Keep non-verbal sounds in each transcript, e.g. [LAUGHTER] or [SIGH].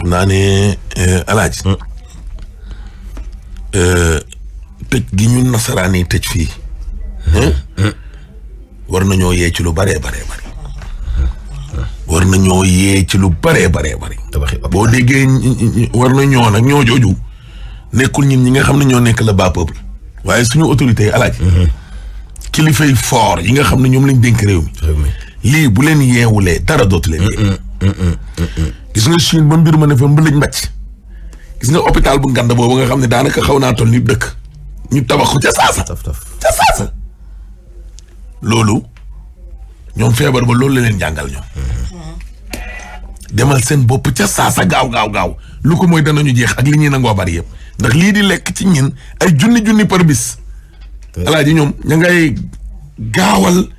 xam naa ne euh, alaaj mm. euh, tëj gi ñu nasaraan yi tëj fii mm. Mm. war nañoo yee ci lu baree baree bari war nañoo yee ci lu baree baree bari boo déggee war nañoo nag ñoo jooju nekkul ñun ñi nga xam ne ñoo nekk le bas peuple waaye suñu autorité yi alaaj mm-hmm. kilifa yi fort yi nga xam ne ñoom lañ dénk réew mi lii bu leen yeewulee dara dootu leen yee gis nga Chine ba mbir ma ne fa mbëlëj mbàcc gis nga hôpital bu ngand boobu nga xam ne daanaka xaw naa toll ni dëkk ñu tabaxu ca saasa ca saasa loolu ñoom feebar ba loolu la leen jàngal ñoom mm-hmm. demal seen bopp ca saasa gaaw gaaw gaaw lu ko mooy ñu jeex ak li ñuy nangoo bari yëpp ndax lii di lekk ci ñin ay junni junni par bis alaaji ñoom ña ngay gaawal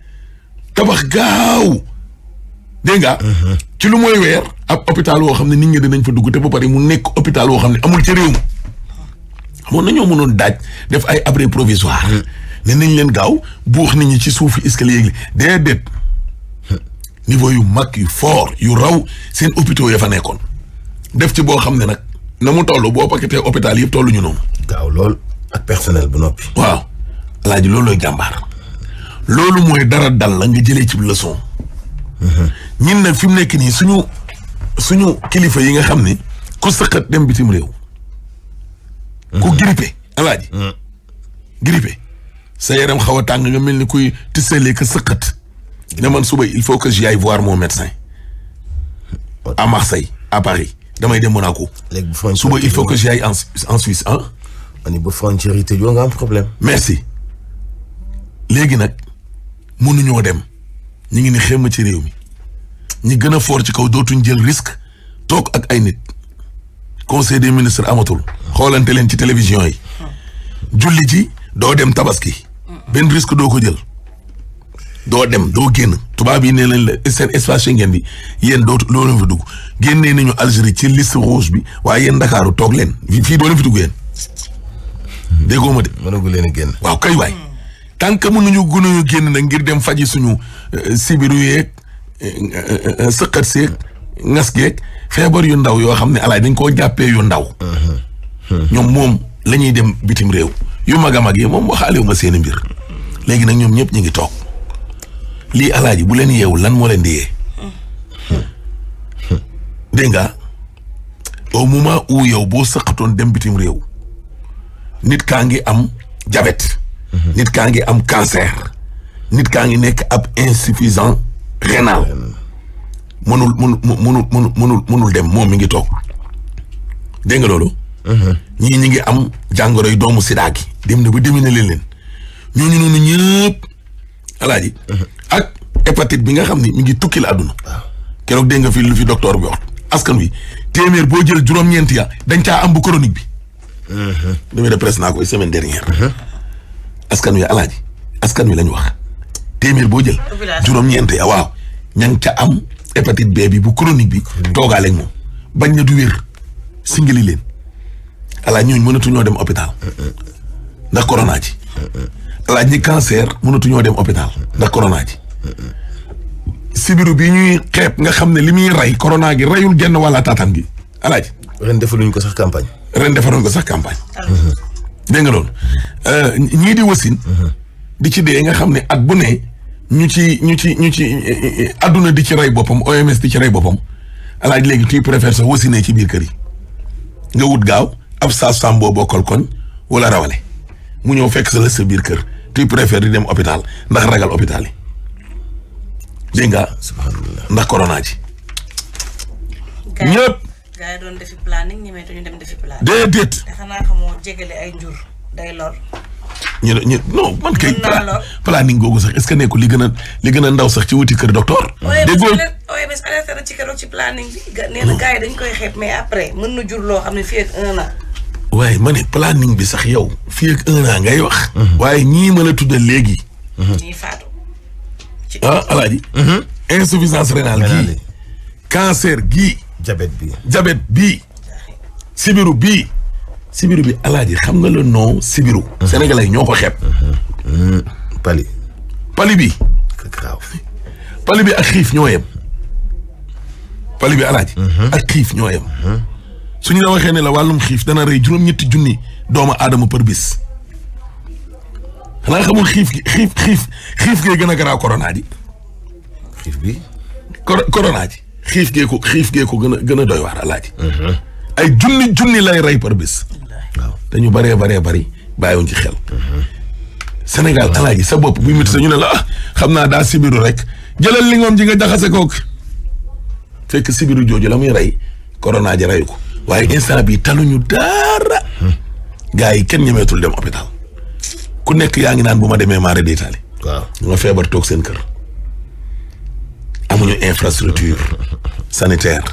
tabax gaaw dégg mm-hmm. ci lu mooy weer ab hôpital woo xam ne nit ñi dinañ fa dugg te ba pare mu nekk hôpital woo xam ne amul ci réew mi xamoon nañoo mënoon daaj def ay abri provisoire hmm. ne nañ leen gaaw buux nit ñu ci suuf suufu escalier yi déedéet hmm. niveau yu mag yu fort yu raw seen hôpitaux ya fa nekkoon def ci boo xam ne nag na mu toll boo pakkatee hôpital yëpp tolluñu noonu. gaaw lool ak personnel bu noppi. waaw laaj loolu loolooy jàmbaar loolu mooy dara dal la nga jëlee ci leçon. Hmm. ñun suñu kilifa yi nga xam ni ku sëqat dem bitim réew. ku mm-hmm. grippé alaaji. Mm-hmm. grippé sa yaram xaw a tàng nga mel ni kuy tisalee ka sëqat. ne man suba il faut que j'aille voir mon médecin. à Marseille à Paris damay dem Monaco. léegi suba il faut que j'aille en en Suisse ah. ma ba frontière yi tëjoo nga am problème. merci léegi nag mënuñoo dem ñu ngi ni xéem ci réew mi. ñi gën a fort ci kaw dootuñ jël risque toog ak ay nit conseil de ministres amatul xoolante leen ci télévision yi julli ji doo dem tabaski benn risque doo ko jël doo dem doo génn tubaab yi nee nañ la seen espace ngeen bi yéen dootu loo leen fi dugg génnee nañu Algérie ci list rouge bi waaye yéen Ndakaaru toog leen fii doo leen fi dugg yéen déggoo ma de. mënagu leen a génn. waaw kay waay tant que mënuñu gën a génn nag ngir dem faji suñu euh, sibiru yeeg sëqat seeg ngas geeg feebar yu ndaw yoo xam ne alaaj dañ koo jàppee yu ndaw ñoom moom la ñuy dem bitim réew yu mag a mag yi moom waxaalewu ma seen mbir léegi nag ñoom ñëpp ñu ngi toog lii alaaji bu leen yeewu lan moo leen di yee dégg nga au moment où yow boo sëqatoon dem bitim réew nit kaa ngi am jabet mhm. nit kaa ngi am cancer nit kaa ngi nekk ab insuffisant rénal mënul mënul mënul mënul mënul dem moom mi ngi toog dégg nga loolu. Mhm. ñii ñi ngi am jàngoro yu doomu Sida gi. dem ba demina leen leen ñooñu noonu ñëpp alaaji. Mhm. ak hépatite bi nga xam ni mi ngi tukkil àdduna. keroog dégg nga fi lu fi docteur bi wax askan wi téeméer boo jël juróom-ñeent ya dañ caa am bu chronique bi. demee mhm. de presse naa koy semaine dernière. askan wi alaaji askan wi lañ wax. téeméer boo jël juróom-ñeent ya waaw ña ngi ca am hépatite B bi bu chronique bi toogaale ak bañ na du wér singali leen alaa ñooñu mënatuñoo dem hôpital mm, mm, mm. ndax corona ji alaa ñi cancer mënatuñoo dem hôpital ndax corona ji sibiru bi ñuy xeeb nga xam ne li muy rey corona gi reyul genn wàlla taataan gi alaaji ren defaluñ ko sax campagne ren defaluñ ko sax campagne mm-hmm. dégg nga loolu euh, ñii di wasin mm-hmm. di ci dee nga xam ne at bu ne ñu ci ñu ci ñu ci eh, eh, eh, adduna di ci rey boppam OMS di ci ray boppam alaaj léegi tuy préfère sax wasine ci biir kër yi nga wut gaaw ab saa sam boo bokkal koñ wala rawale mu ñëw fekk sa la sa biir kër tuy préfère di dem hôpital ndax ragal hôpital yi dégg nga subhanallah ndax corona yi doon defi planning ay njur day ñu ñu non man kay. planning googu sax est ce que nekkul li gën a li gën a ndaw sax ci wuti kër docteur. déggoo OMS alerté na ci keroog planning bi. nee na oh. gars dañ koy xeeb mais après mën na jur loo xam ne fii ak un an. waaye ma planning bi sax yow fii ak un ngay wax. Mhm. waaye ñii mën a tudda léegi. Mhm. ñii faatu. ci ah alaaji. Mhm. insuffisance rénale gii. cancer gii. diabète bi sibiru bii. sibiru bi alaaji xam nga le nom sibiru. Uh-huh. sénégalais ñoo ko xeeb. Uh-huh. Uh-huh. pali. pali bi. pali bi ak xiif ñoo yem. pali bi alaaji. ak xiif ñoo su ñu la waxee ne la wàllum xiif dana rey juróom junni doomu aadama par bis. xanaa xiif gi xiif gee gën a garaaw corona ji. xiif bi. cor corona gee ko xiif gee ko gën a gën a doy waar alaaji. ay junni junni lay rey par waaw te ñu bëree bëree bari bàyyiwuñ ci xel. Sénégal alaaji sa bopp bu mu ñu ne la ah xam naa daa sibiru rek jëlal li ngoom ji nga jaxase kook fekk sibiru jooju la muy rey corona ji reyu ko waaye instant bi taluñu dara. Hmm. gars yi kenn ñemeetul dem hôpital ku nekk yaa ngi naan bu ma demee maare détaillé. waaw ñu nga feebar toog seen kër. amuñu infrastructure [LAUGHS] sanitaire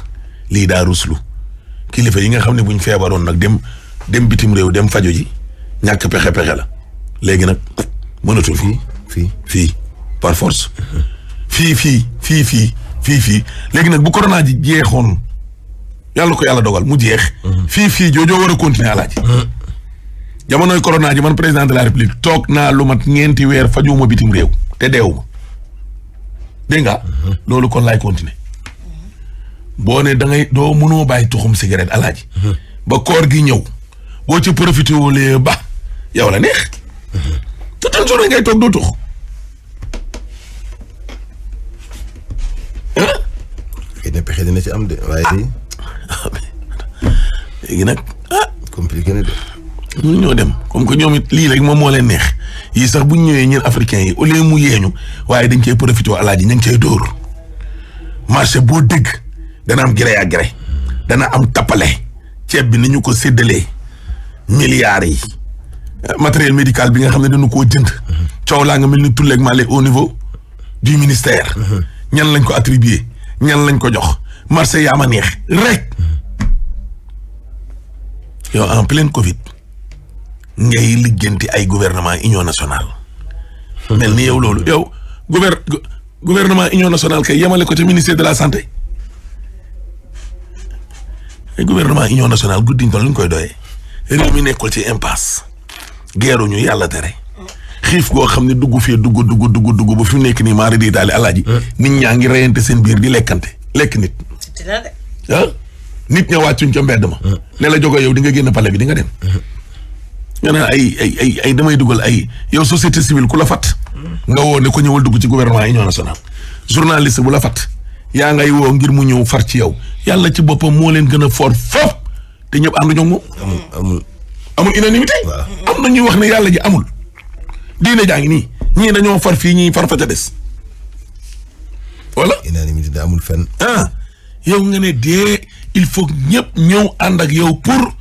lii daa ruslu kilifa yi nga xam ne buñ feebaroon nag dem. dem bitim réew dem fajo ji ñàkk pexe pexe la léegi nag mënatul fii fii fii par fii fii fii fii fii fii léegi nag bu corona ji jeexoon yàlla ko yàlla dogal mu jeex fii fii joojoo war a continuer alaaji jamonoy corona ji man président de la république toog naa lu mat ñeenti weer fajuma bitim réew te deewuma dégg nga loolu kon lay continuer boo ne da ngay doo mënoo bàyyi tuxum cigarette alaaji ba koor gi ñëw boo ci profité wulee ba yow la neex toute mm-hmm. une journée ngay toog doo pexe dina ci am de waaye. Ah. [LAUGHS] nag ah. compliqué na de. ñoo dem comme que ñoom it lii rek moom moo leen neex yii sax bu ñu ñëwee ñun africains yi au lieu mu yeeñu waaye dañ cey profité alaaji ñu ngi cey dóor marché boo dégg dana am gré à dana am tappale ceeb bi ni ñu ko séddalee. milliards yi matériel médical bi nga xam ne dañu koo jënd coow laa nga mel ni tulleeg male au niveau du ministère ñan lañ ko attribué ñan lañ ko jox marché yaa ma neex rek yow en pleine covid ngay liggéenti ay gouvernement union national mel ni yow loolu yow gouver gouvernement union national kay yemale ko ca ministère de la santé gouvernement union nationale guddiñ toon lu ñu koy doyee réew mi nekkul ci impasse geeruñu yàlla tere xiif goo xam ne dugg fee dugg dugg dugg dugg ba fi mu nekk nii maa di daali alaaji eh. nit ñaa ngi reyante seen biir di lekkante lekk nit ah? nit ña wàccuñ ca mbedd ma eh. ne la jóge yow di nga génn pale bi di nga dem eh. nga naan ay ay ay ay damay dugal ay yow société civile ku la fat nga woo ne ko ñëwal dugg ci gouvernement union nationale journaliste bu la fat yaa ngay woo ngir mu ñëw far ci yow yàlla ci boppam moo leen gën a fort te ñëpp am nañoo moom. amul amul. amul unanimité. na ñuy wax ne yàlla ji amul. diine jaa ngi nii ñii dañoo far fii ñii far fa ca des. voilà unanimité da amul fen ah yow nga ne dee il faut ñëpp ñëw ànd ak yow pour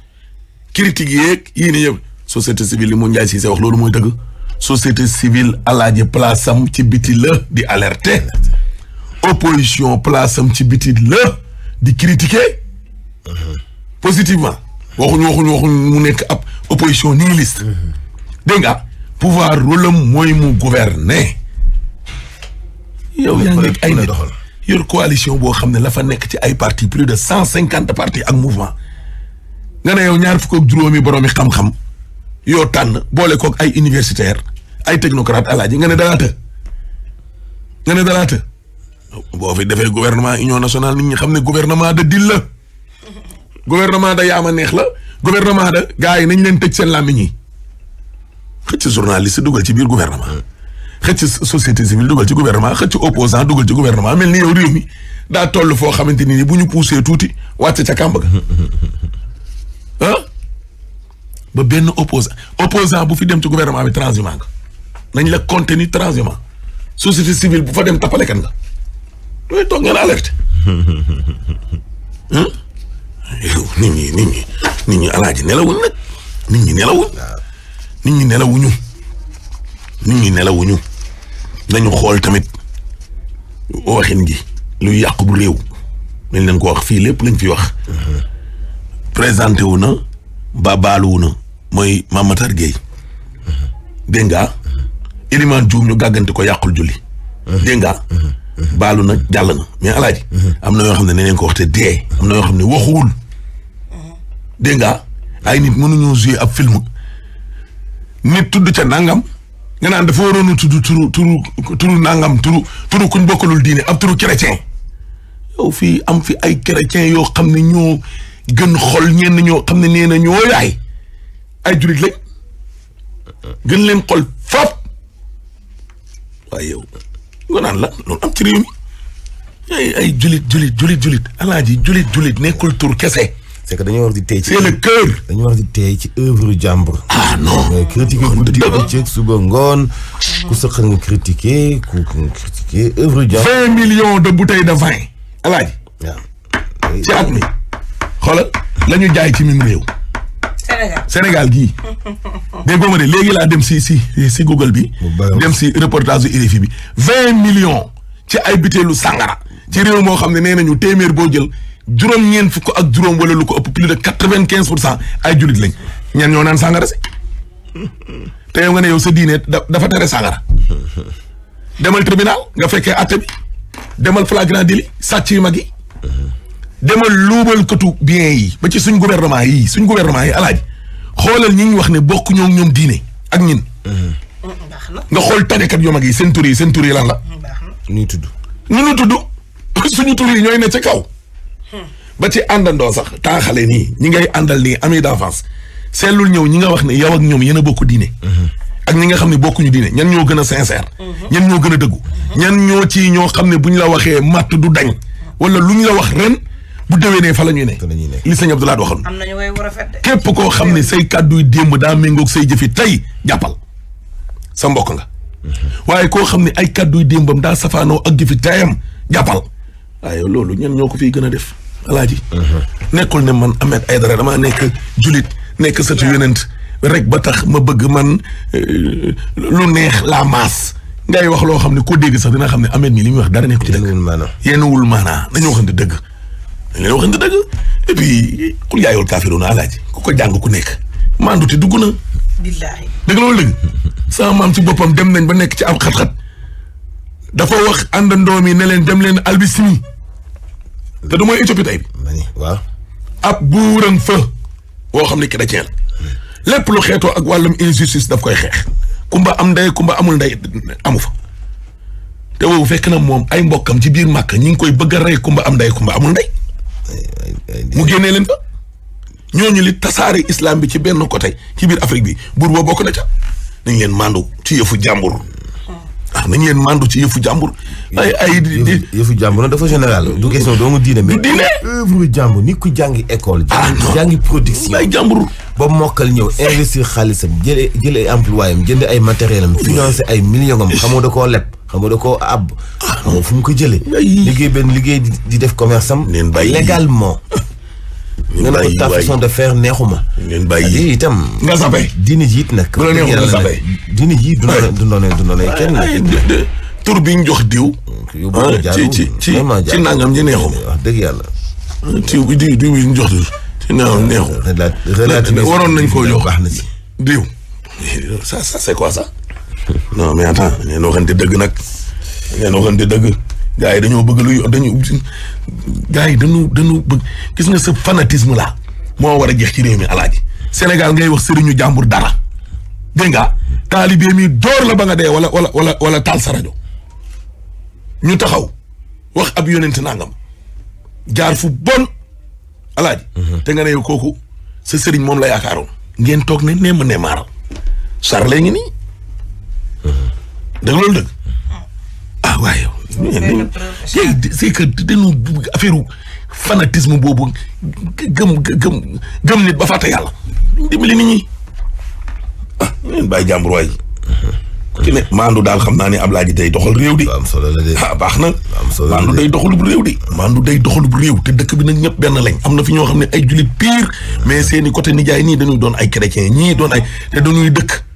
critique yeeg yii ne yëpp société civile li mu Ndiaye Cissé wax loolu mooy dëgg société civile alaaji place am ci biti la di alerte opposition place ci biti la di critiquer. positivement waxuñu waxuñu waxuñu mu nekk ab opposition nihiliste dégg nga pouvoir rôlam mooy mu gouverner yow yaa ngi ay nit yor coalition boo xam ne la fa nekk ci ay parti plus de cent cinquante parti ak mouvement nga ne yow ñaar fukk ak juróomi boroomi xam-xam yoo tànn boole koog ay universitaire ay technocrate alaaji nga ne dalaa nga ne dalaa të boo fi defee gouvernement union nationale nit ñi xam ne gouvernement de deal la gouvernement da yaama neex la guvernement da gars yi nañ leen tëj seen làmmiñ yi xëcc journaliste dugal ci biir gouvernement xëcc société civile dugal ci gouvernement xëcc opposant dugal ci gouvernement mel ni yow réew mi daa toll foo xamante ni bu ñu poussé tuuti wàcc ca kàmb ga ba benn opposant opposant bu fi dem ci gouvernement bi transhumant nga nañ la contenu transhumant société civile bu fa dem tappalekan nga looy toog ngeen alerte yow nit ñi nit ñi nit ñi alaaji ñi nelawul nit nelawuñu nit ñi nelawuñu nañu xool tamit waxin gi lu yàqu bu réew dañ leen ko wax fii lépp lañ fi wax présenté wu na babaalu na mooy Mamatar Gueye dégg nga Elimane ñu gàggante ko yàqul julli dégg baalu nag jàll na mais alaaji am na yoo xam ne nee nañ ko wax te dee am na yoo xam ne waxuwul dégg nga ay nit mënuñoo jouer ab film nit tudd ca nangam nga naan dafa waroon a tudd turu turu turu nangam turu turu kuñ bokkalul diine ab turu chrétien yow fii am fi ay chrétien yoo xam ne ñu gën xol ñenn ñoo xam ne nee na ñu yaay ay jurit lañ gën leen xol fop waaye yow nga naan la loolu am ci réew mi ay ay julit julit julit julit alaaji julit julit nekkul tur kese. c'est que dañoo war di tey ci. c'est le cœur. dañoo war di tey ci œuvre jàmbur. ah non mais critiquer guddi bëccëg suba ngoon ku sëqal nga critiquer ku critiquer œuvre jàmbur. vingt millions de bouteilles de vin alaaji. waaw ci at mi xoolal la jaay ci mim réew. Sénégal gii dégg nga ma léegi laa dem si si si Google bi. Oh, dem si reportage su RFI bi vingt million ci ay butéelu sangara. ci réew moo xam ne nee ñu téeméer boo jël juróom-ñeent fukk ak juróom wala lu ko ëpp plus de quatre-vingt-quinze pour cent ay jullit lañ ñan ñoo naan sangara si. te yow nga ne yow sa diine dafa tere sangara. demal tribunal nga fekkee àtte bi demal flagrant délit sàcc yu mag yi. Uh-huh. demal luubal këtu bien yi ba ci suñ gouvernement yi suñ gouvernement yi alaaji xoolal ñi ngi wax ne bokk ñoo ñoom diine ak ñin. nga xool tajakat yu mag yi seen tur yi la. nu ñu tudd. nu ñu tudd suñu tur yi ñooy ne ca kaw. Hmm. ba ci àndandoo sax taaxale nii ñi ngay àndal nii ami d'enfance seetlul ñëw ñi nga wax ne yow ak ñoom yéen a bokku diine. ak ñi nga xam ne bokkuñu diine ñan ñoo gën a sincère. Hmm. ñan ñoo gën a dëggu. ñan ñoo ci ñoo xam ne bu ñu la waxee matt du dañ. wala lu ñu la wax ren bu dewee déwénee fa la ñuy ne. li sëñ Abdoulaye waxoon. am nañu way wu rafet képp koo xam ne say kàddu yi démb daa méngoog say jëfi tey jàppal sa mbokk nga. Mm-hmm. waaye koo xam ne ay kàddu yu démbam daa safaanoo ak jëfi teyam jàppal. Mm-hmm. waaye loolu ñen ñoo ko fiy gën a def alaaji. Mm-hmm. nekkul ne man ay dara damaa nekk julit nekk sëtu yonent rek ba tax ma bëgg man euh, lu neex laa maas ngay wax loo xam ne koo dégg sax dina xam ne Ahmed mi li muy wax dara nekk ci dëgg. yenn wul maanaa nañu waxante dëgg. dañ leen waxante dëgg et puis xul yaayul kaafiru ko jàng ku nekk maandu te dugg na. dëgg loolu dëgg sama boppam dem nañ ba nekk ci am xat dafa wax àndandoom yi ne leen dem leen albisimi te du mooy Éthiopie tey bi. waaw ab buuram fa xam ne chrétien la lépp lu xeetoo ak wàllum injustice daf koy xeex. kumba am ndey kumba amul ndey amu fa te woowu fekk na moom ay mbokkam ci biir màkk ñi ngi koy bëgg a rey kumba am ndey kumba amul ndey. mu génnee leen fa ñooñu li tasaari islaam bi ci benn côté ci biir Afrique bi buur boo bokk na ca nañ leen mandu ci yëfu jàmbur. ah nañ leen mandu ci yëfu jàmbur. ay ay yëfu jàmbur dafa général ah, du question doomu diine. du diine œuvre jàmbur ni ku jàngi école. Ah, jàngi production ay jàmbur. ba mokkal ñëw investir xaalisam jëlee jële ay employé am jënd ay matériel am ay millions am xamoo da koo leb xamoo da koo ab. xamul fu mu ko jëlee. liggéey benn liggéey di def commerce am. légalement. [LAUGHS] nga ne ko ta façon de faire neexuma. ngeen bàyyi ah, itam. nga sapé diini ji it nag. bu la ji du doone tur bi ñu jox diw. Ah, ci ci ci ci nangam ji neexuma. dëgg yàlla. Ah, diw bi diw diw bi ñu jox diw. ci nangam neexuma. Euh, waroon nañ koo jox baax na ci diw. sa ça c'est quoi ça. non mais attends dëgg nag. ngeen waxante dëgg gars yi dañoo bëgg lu dañu gars yi dañu dañu bëgg gis nga sa fanatisme la moo war a jeex ci réew mi alaaji Sénégal ngay wax sëriñu jàmbur dara dégg nga taalibe mi door la ba nga dee wala wala wala wala taal sa ñu taxaw wax ab yonent nangam jaar fu bon alaaji mhm. te nga ne kooku sa sëriñ moom la yaakaaroon ngeen toog ne nemm ne maaral sarle ngi nii mhm. dëgg loolu dëgg waaw ah, waaye c'est que dañu affaire fanatisme boobu gëm gëm gëm ba fàtte yàlla dimbali nit ñi ah leen bàyyi jàmbur waay ku ci ne maandu daal xam naa ne Ablaye ji day doxal réew di ah baax na maandu day doxalub réew di maandu day doxalu doxalub réew te dëkk bi nag ñëpp benn lañ am na fi ñoo xam ne ay jullit pire mais seeni côté nijaay nii dañuy doon ay chrétien ñii doon ay te dañuy dëkk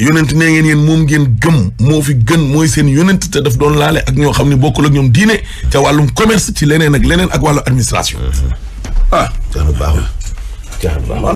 yonent nee ngeen yéen moom ngeen gëm moo fi gën mooy seen yonent te daf doon laale ak ñoo xam ne bokkul ak ñoom diine ca wàllum commerce ci leneen ak leneen ak wàllu administration ah